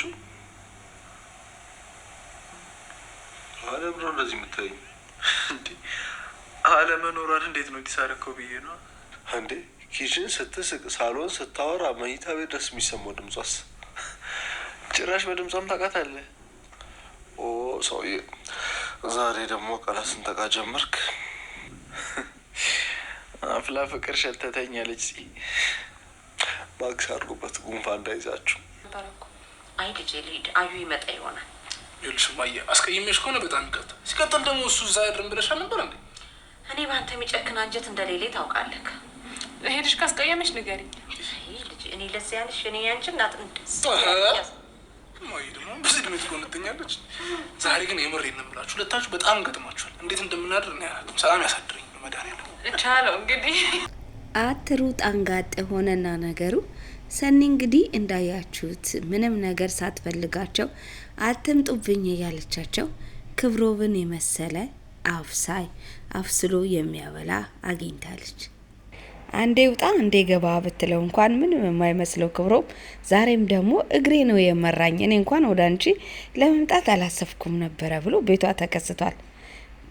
ችሁ አለም ነው እንደዚህ የምታይ አለመኖሯን እንዴት ነው የተሳረከው ብዬ ነው እንዴ? ኪችን ስትስቅ፣ ሳሎን ስታወራ፣ መኝታ ቤት ድረስ የሚሰማው ድምጿስ ጭራሽ በድምጿም ታውቃታለህ። ኦ ሰውዬ፣ ዛሬ ደግሞ ቃላት ስንጠቃ ጀመርክ። አፍላ ፍቅር ሸተተኛለች። እዚህ ባክስ አድርጉበት ጉንፋ እንዳይዛችሁ። አይ ልጄ ልሂድ፣ አዩ ይመጣ ይሆናል። ይኸውልሽ እማዬ አስቀይሜሽ ከሆነ በጣም ይቀጥል። ሲቀጥል ደግሞ እሱ እዛ ያድርም ብለሽ አልነበር እንዴ? እኔ በአንተ የሚጨክን አንጀት እንደሌለ ታውቃለህ። ሄድሽ ካስቀየመሽ ንገሪኝ። እኔ ለዚያ ያልሽ እኔ ያንቺ እናት ደግሞ ብዙ እድሜ ትጎንትኛለች። ዛሬ ግን የምሬ እንምላችሁ ሁለታችሁ በጣም ገጥማችኋል። እንዴት እንደምናድር እና ያላቅም ሰላም ያሳድረኝ መዳን ያለ ቻለው እንግዲህ አትሩ ጣንጋጥ ሆነና ነገሩ ሰኒ እንግዲህ እንዳያችሁት ምንም ነገር ሳትፈልጋቸው አትምጡብኝ እያለቻቸው ክብሮብን የመሰለ አፍሳይ አፍስሎ የሚያበላ አግኝታለች። አንዴ ውጣ አንዴ ገባ ብትለው እንኳን ምንም የማይመስለው ክብሮም ዛሬም ደግሞ እግሬ ነው የመራኝ እኔ እንኳን ወደ አንቺ ለመምጣት አላሰብኩም ነበረ ብሎ ቤቷ ተከስቷል።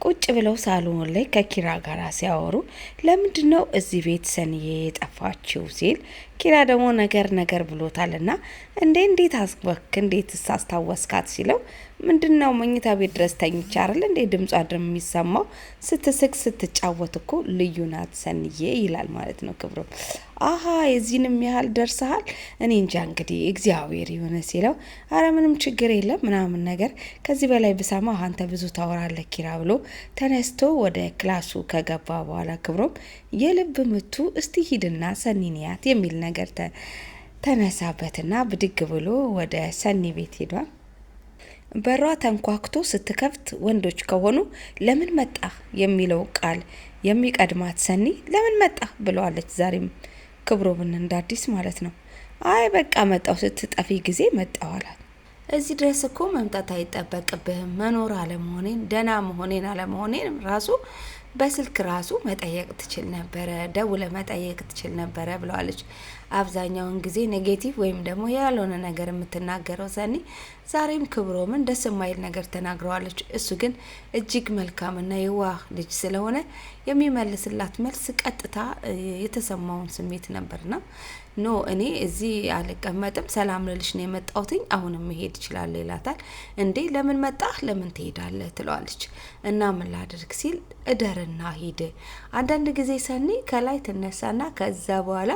ቁጭ ብለው ሳሎን ላይ ከኪራ ጋር ሲያወሩ ለምንድን ነው እዚህ ቤት ሰንዬ የጠፋችው ሲል ኪራ ደግሞ ነገር ነገር ና እንዴ እንዴት አስበክ እንዴት ሳስታወስካት ሲለው ምንድን ነው መኝታ ቤት ድረስ ተኝቼ አይደል እንዴ ድምጿ ድር የሚሰማው ስትስቅ ስትጫወት እኮ ልዩ ናት ሰንዬ ይላል ማለት ነው ክብሮም አሀ የዚህንም ያህል ደርሰሃል እኔ እንጃ እንግዲህ እግዚአብሔር የሆነ ሲለው አረ ምንም ችግር የለም ምናምን ነገር ከዚህ በላይ ብሰማ አንተ ብዙ ታወራለህ ኪራ ብሎ ተነስቶ ወደ ክላሱ ከገባ በኋላ ክብሮም የልብ ምቱ እስቲ ሂድና ሰኒንያት የሚል ነገር ተነሳበትና ብድግ ብሎ ወደ ሰኒ ቤት ሄዷል በሯ ተንኳክቶ ስትከፍት ወንዶች ከሆኑ ለምን መጣህ የሚለው ቃል የሚቀድማት ሰኒ ለምን መጣህ ብለዋለች። ዛሬም ክብሮምን እንደ አዲስ ማለት ነው። አይ በቃ መጣው ስትጠፊ ጊዜ መጣው አላት። እዚህ ድረስ እኮ መምጣት አይጠበቅብህም። መኖር አለመሆኔን ደህና መሆኔን አለመሆኔን ራሱ በስልክ ራሱ መጠየቅ ትችል ነበረ፣ ደውለ መጠየቅ ትችል ነበረ ብለዋለች። አብዛኛውን ጊዜ ኔጌቲቭ ወይም ደግሞ ያልሆነ ነገር የምትናገረው ሰኒ ዛሬም ክብሮምን ደስ የማይል ነገር ተናግረዋለች። እሱ ግን እጅግ መልካምና የዋህ ልጅ ስለሆነ የሚመልስላት መልስ ቀጥታ የተሰማውን ስሜት ነበርና ኖ እኔ እዚህ አልቀመጥም፣ ሰላም ልልሽ ነው የመጣውትኝ፣ አሁንም መሄድ ይችላል ይላታል። እንዴ ለምን መጣህ? ለምን ትሄዳለህ? ትለዋለች እና ምን ላድርግ ሲል እደርና ሂድ። አንዳንድ ጊዜ ሰኒ ከላይ ትነሳና ከዛ በኋላ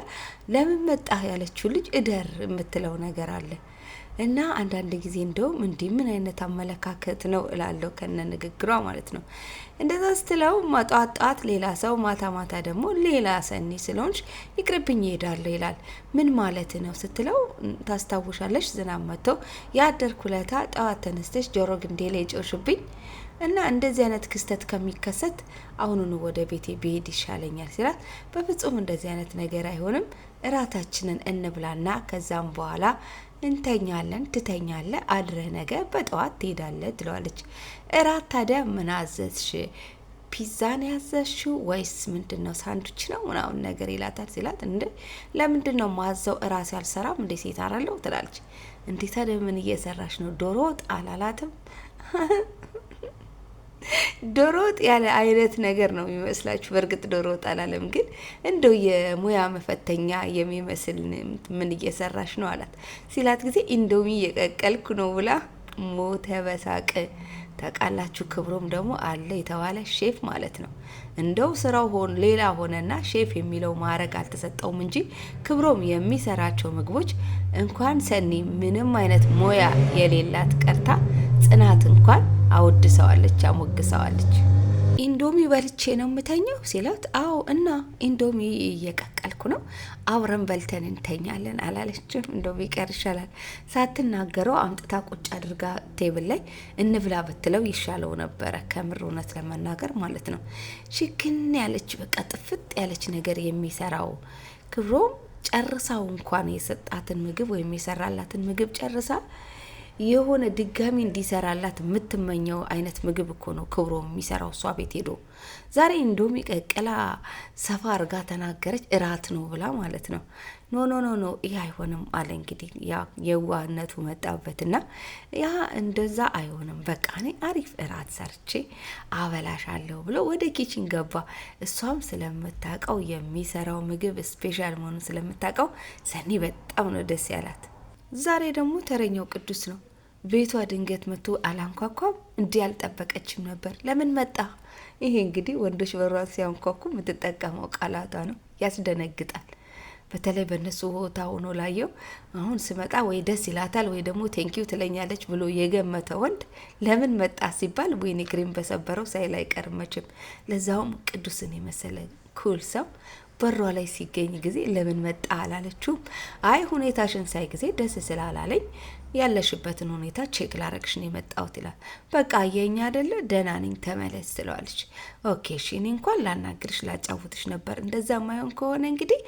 ለምን መጣህ ያለችው ልጅ እደር የምትለው ነገር አለ። እና አንዳንድ ጊዜ እንደውም እንዲህ ምን አይነት አመለካከት ነው እላለሁ ከነ ንግግሯ ማለት ነው። እንደዛ ስትለው ጠዋት ጠዋት ሌላ ሰው፣ ማታ ማታ ደግሞ ሌላ ሰኒ ስለሆንሽ ይቅርብኝ ይሄዳለሁ ይላል። ምን ማለት ነው ስትለው ታስታውሻለሽ፣ ዝናብ መጥቶ ኩለታ ጠዋት ተነስተሽ ጆሮ ግንዴ ላይ ጮሽብኝ እና እንደዚህ አይነት ክስተት ከሚከሰት አሁኑን ወደ ቤቴ ብሄድ ይሻለኛል ሲላት፣ በፍጹም እንደዚህ አይነት ነገር አይሆንም፣ እራታችንን እንብላና ከዛም በኋላ እንተኛለን። ትተኛለ፣ አድረህ ነገ በጠዋት ትሄዳለ ትለዋለች። እራት ታዲያ ምን አዘዝሽ? ፒዛን ያዘሽው ወይስ ምንድን ነው ሳንዱች ነው ምናምን ነገር ይላታል። ሲላት እንደ ለምንድን ነው ማዘው እራስ ያልሰራም እንዴ ሴት አላለሁ ትላለች። እንዴ ታዲያ ምን እየሰራሽ ነው? ዶሮ ወጥ አላላትም ዶሮ ወጥ ያለ አይነት ነገር ነው የሚመስላችሁ። በእርግጥ ዶሮ ወጥ አላለም፣ ግን እንደው የሙያ መፈተኛ የሚመስል ምን እየሰራሽ ነው አላት። ሲላት ጊዜ ኢንዶሚ እየቀቀልኩ ነው ብላ ሞተ በሳቅ ተቃላችሁ። ክብሮም ደግሞ አለ የተባለ ሼፍ ማለት ነው። እንደው ስራው ሆን ሌላ ሆነና ሼፍ የሚለው ማዕረግ አልተሰጠውም እንጂ ክብሮም የሚሰራቸው ምግቦች እንኳን ሰኒ ምንም አይነት ሙያ የሌላት ቀርታ ጽናት እንኳን አወድሰዋለች፣ አሞግሰዋለች። ኢንዶሚ በልቼ ነው የምተኘው ሲላት፣ አዎ እና ኢንዶሚ እየቀቀልኩ ነው አብረን በልተን እንተኛለን አላለችም? ኢንዶሚ ይቀር ይሻላል። ሳትናገረው አምጥታ ቁጭ አድርጋ ቴብል ላይ እንብላ ብትለው ይሻለው ነበረ፣ ከምር እውነት ለመናገር ማለት ነው። ሽክን ያለች በቃ ጥፍጥ ያለች ነገር የሚሰራው ክብሮም ጨርሳው እንኳን የሰጣትን ምግብ ወይም የሰራላትን ምግብ ጨርሳ የሆነ ድጋሚ እንዲሰራላት የምትመኘው አይነት ምግብ እኮ ነው ክብሮ የሚሰራው እሷ ቤት ሄዶ። ዛሬ እንዶሚ ቀቅላ ሰፋ አርጋ ተናገረች፣ እራት ነው ብላ ማለት ነው። ኖ ኖ ኖ ኖ ይህ አይሆንም አለ እንግዲህ ያ የዋህነቱ መጣበትና፣ ያ እንደዛ አይሆንም በቃ እኔ አሪፍ እራት ሰርቼ አበላሻለሁ ብሎ ወደ ኪችን ገባ። እሷም ስለምታውቀው የሚሰራው ምግብ ስፔሻል መሆኑን ስለምታውቀው ሰኒ በጣም ነው ደስ ያላት። ዛሬ ደግሞ ተረኛው ቅዱስ ነው። ቤቷ ድንገት መጥቶ አላንኳኳም። እንዲህ አልጠበቀችም ነበር። ለምን መጣ? ይሄ እንግዲህ ወንዶች በሯን ሲያንኳኩ የምትጠቀመው ቃላቷ ነው። ያስደነግጣል። በተለይ በእነሱ ቦታ ሆኖ ላየው አሁን ስመጣ ወይ ደስ ይላታል ወይ ደግሞ ቴንኪው ትለኛለች ብሎ የገመተ ወንድ ለምን መጣ ሲባል ወይኔ በሰበረው ሳይል አይቀርም መቼም። ለዛውም ቅዱስን የመሰለ ኩል ሰው በሯ ላይ ሲገኝ ጊዜ ለምን መጣ አላለችው። አይ ሁኔታሽን ሳይ ጊዜ ደስ ስላላለኝ ያለሽበትን ሁኔታ ቼክ ላረግሽን ነው የመጣሁት ይላል። በቃ አየኝ አደለ ደህና ነኝ ተመለስ ትለዋለች። ኦኬ እሺ እኔ እንኳን ላናግርሽ ላጫውትሽ ነበር። እንደዛ ማይሆን ከሆነ እንግዲህ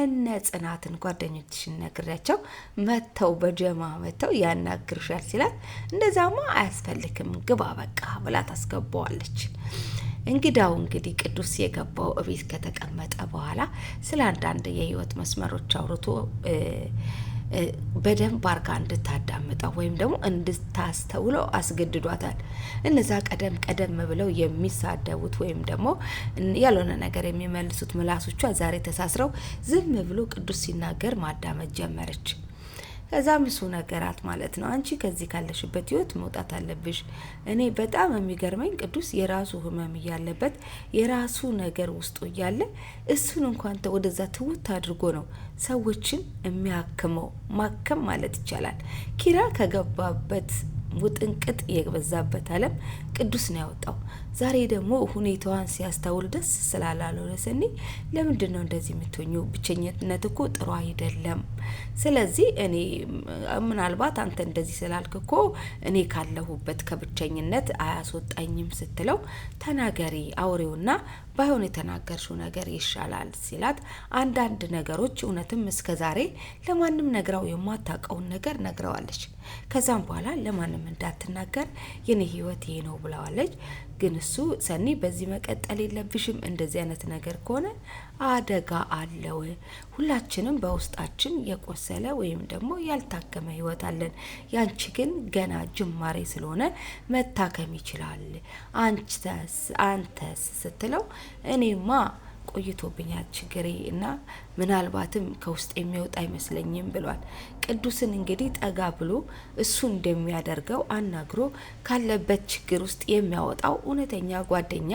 እነ ጽናትን ጓደኞችሽን ነግሪያቸው መተው በጀማ መተው ያናግርሻል ሲላት፣ እንደዛማ አያስፈልግም ግባ በቃ ብላ ታስገባዋለች። እንግዳው እንግዲህ ቅዱስ የገባው እቤት ከተቀመጠ በኋላ ስለ አንዳንድ የህይወት መስመሮች አውርቶ በደንብ አርጋ እንድታዳምጠው ወይም ደግሞ እንድታስተውለው አስገድዷታል። እነዛ ቀደም ቀደም ብለው የሚሳደቡት ወይም ደግሞ ያልሆነ ነገር የሚመልሱት ምላሶቿ ዛሬ ተሳስረው ዝም ብሎ ቅዱስ ሲናገር ማዳመጥ ጀመረች። ከዛ ምሱ ነገራት ማለት ነው። አንቺ ከዚህ ካለሽበት ህይወት መውጣት አለብሽ። እኔ በጣም የሚገርመኝ ቅዱስ የራሱ ህመም እያለበት የራሱ ነገር ውስጡ እያለ እሱን እንኳን ወደዛ ትውት አድርጎ ነው ሰዎችን የሚያክመው። ማከም ማለት ይቻላል። ኪራ ከገባበት ውጥንቅጥ የበዛበት አለም ቅዱስ ነው ያወጣው። ዛሬ ደግሞ ሁኔታዋን ሲያስተውል ደስ ስላላለው ለሰኒ ለምንድን ነው እንደዚህ የምትኙ? ብቸኝነት እኮ ጥሩ አይደለም። ስለዚህ እኔ ምናልባት አንተ እንደዚህ ስላልክ እኮ እኔ ካለሁበት ከብቸኝነት አያስወጣኝም ስትለው ተናገሪ አውሬውና ባይሆን የተናገርሽው ነገር ይሻላል ሲላት አንዳንድ ነገሮች እውነትም እስከ ዛሬ ለማንም ነግራው የማታውቀውን ነገር ነግረዋለች። ከዛም በኋላ ለማንም እንዳትናገር የኔ ህይወት ይሄ ነው ብለዋለች። ግን እሱ ሰኒ በዚህ መቀጠል የለብሽም፣ እንደዚህ አይነት ነገር ከሆነ አደጋ አለው። ሁላችንም በውስጣችን የቆሰለ ወይም ደግሞ ያልታከመ ህይወት አለን። ያንቺ ግን ገና ጅማሬ ስለሆነ መታከም ይችላል። አንተስ አንተስ ስትለው እኔማ ቆይቶብኛል ችግሬ እና ምናልባትም ከውስጥ የሚወጣ አይመስለኝም ብሏል። ቅዱስን እንግዲህ ጠጋ ብሎ እሱ እንደሚያደርገው አናግሮ ካለበት ችግር ውስጥ የሚያወጣው እውነተኛ ጓደኛ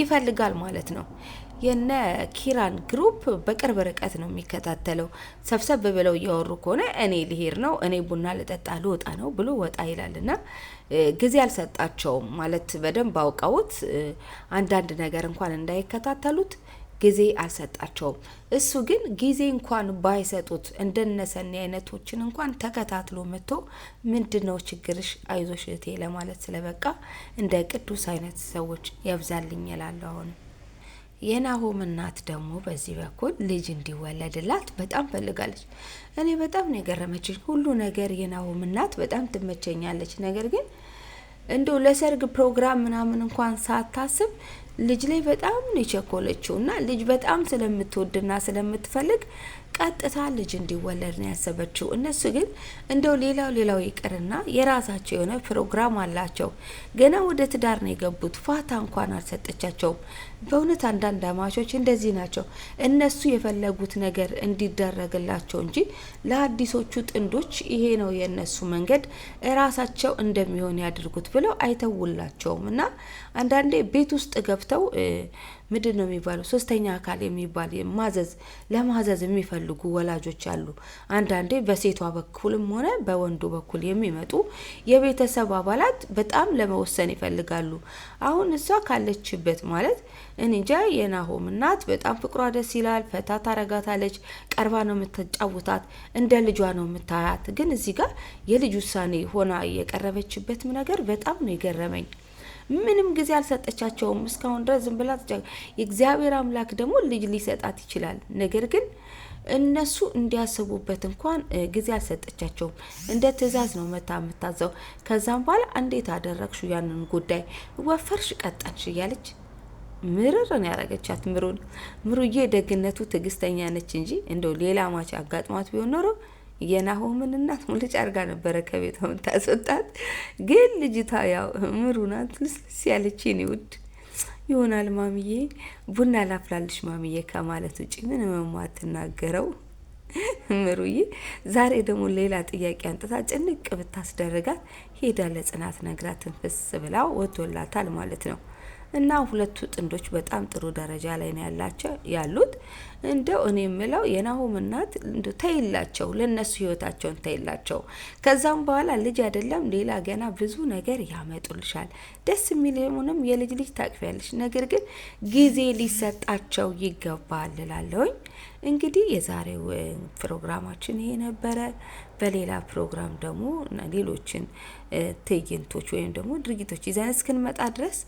ይፈልጋል ማለት ነው። የነ ኪራን ግሩፕ በቅርብ ርቀት ነው የሚከታተለው። ሰብሰብ ብለው እያወሩ ከሆነ እኔ ልሄድ ነው፣ እኔ ቡና ልጠጣ ልወጣ ነው ብሎ ወጣ ይላል እና ጊዜ አልሰጣቸውም ማለት በደንብ አውቀውት አንዳንድ ነገር እንኳን እንዳይከታተሉት ጊዜ አልሰጣቸውም። እሱ ግን ጊዜ እንኳን ባይሰጡት እንደነሰኒ አይነቶችን እንኳን ተከታትሎ መጥቶ ምንድን ነው ችግርሽ? አይዞሽ እህቴ ለማለት ስለበቃ እንደ ቅዱስ አይነት ሰዎች ያብዛልኝ እላለሁ። አሁን የናሆም እናት ደግሞ በዚህ በኩል ልጅ እንዲወለድላት በጣም ፈልጋለች። እኔ በጣም ነው የገረመችኝ። ሁሉ ነገር የናሆም እናት በጣም ትመቸኛለች፣ ነገር ግን እንደው ለሰርግ ፕሮግራም ምናምን እንኳን ሳታስብ ልጅ ላይ በጣም ነው የቸኮለችው እና ልጅ በጣም ስለምትወድና ስለምትፈልግ ቀጥታ ልጅ እንዲወለድ ነው ያሰበችው። እነሱ ግን እንደው ሌላው ሌላው ይቅርና የራሳቸው የሆነ ፕሮግራም አላቸው። ገና ወደ ትዳር ነው የገቡት። ፋታ እንኳን አልሰጠቻቸውም። በእውነት አንዳንድ አማቾች እንደዚህ ናቸው። እነሱ የፈለጉት ነገር እንዲደረግላቸው እንጂ ለአዲሶቹ ጥንዶች ይሄ ነው የእነሱ መንገድ እራሳቸው እንደሚሆን ያድርጉት ብለው አይተውላቸውም እና አንዳንዴ ቤት ውስጥ ገብተው ምንድን ነው የሚባለው ሶስተኛ አካል የሚባል ማዘዝ ለማዘዝ የሚፈልጉ ወላጆች አሉ። አንዳንዴ በሴቷ በኩልም ሆነ በወንዱ በኩል የሚመጡ የቤተሰብ አባላት በጣም ለመወሰን ይፈልጋሉ። አሁን እሷ ካለችበት ማለት እንጃ የናሆም እናት በጣም ፍቅሯ ደስ ይላል። ፈታ ታረጋታለች። ቀርባ ነው የምትጫውታት፣ እንደ ልጇ ነው የምታያት። ግን እዚህ ጋር የልጅ ውሳኔ ሆና የቀረበችበትም ነገር በጣም ነው የገረመኝ። ምንም ጊዜ አልሰጠቻቸውም እስካሁን ድረስ ዝም ብላ የእግዚአብሔር አምላክ ደግሞ ልጅ ሊሰጣት ይችላል። ነገር ግን እነሱ እንዲያስቡበት እንኳን ጊዜ አልሰጠቻቸውም። እንደ ትእዛዝ ነው መታ የምታዘው። ከዛም በኋላ እንዴት አደረግሽ ያንን ጉዳይ ወፈርሽ፣ ቀጠንሽ እያለች ምርርን ያረገቻት ምሩን። ምሩዬ ደግነቱ ትዕግስተኛ ነች እንጂ እንደው ሌላ ማች አጋጥሟት ቢሆን ኖረው የናሆምን እናት ሙልጭ አድርጋ ነበረ ከቤት የምታስወጣት። ግን ልጅቷ ያው ምሩ ናት፣ ልስልስ ያለች የኔ ውድ ይሆናል። ማሚዬ ቡና ላፍላልሽ ማሚዬ ከማለት ውጭ ምን የማትናገረው ምሩዬ። ዛሬ ደግሞ ሌላ ጥያቄ አንጥታ ጭንቅ ብታስደርጋት ሄዳ ለጽናት ነግራ ፍስ ብላ ወቶላታል ማለት ነው። እና ሁለቱ ጥንዶች በጣም ጥሩ ደረጃ ላይ ነው ያላቸው ያሉት። እንደው እኔ የምለው የናሆም እናት ተይላቸው፣ ለነሱ ህይወታቸውን ተይላቸው። ከዛም በኋላ ልጅ አይደለም ሌላ ገና ብዙ ነገር ያመጡልሻል። ደስ የሚልሆንም የልጅ ልጅ ታቅፊያለሽ። ነገር ግን ጊዜ ሊሰጣቸው ይገባል እላለሁኝ። እንግዲህ የዛሬው ፕሮግራማችን ይሄ ነበረ። በሌላ ፕሮግራም ደግሞ ሌሎችን ትዕይንቶች ወይም ደግሞ ድርጊቶች ይዘን እስክንመጣ ድረስ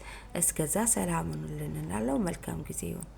እስከዛ ሰላም ሁኑልን መልካም ጊዜ ይሁን።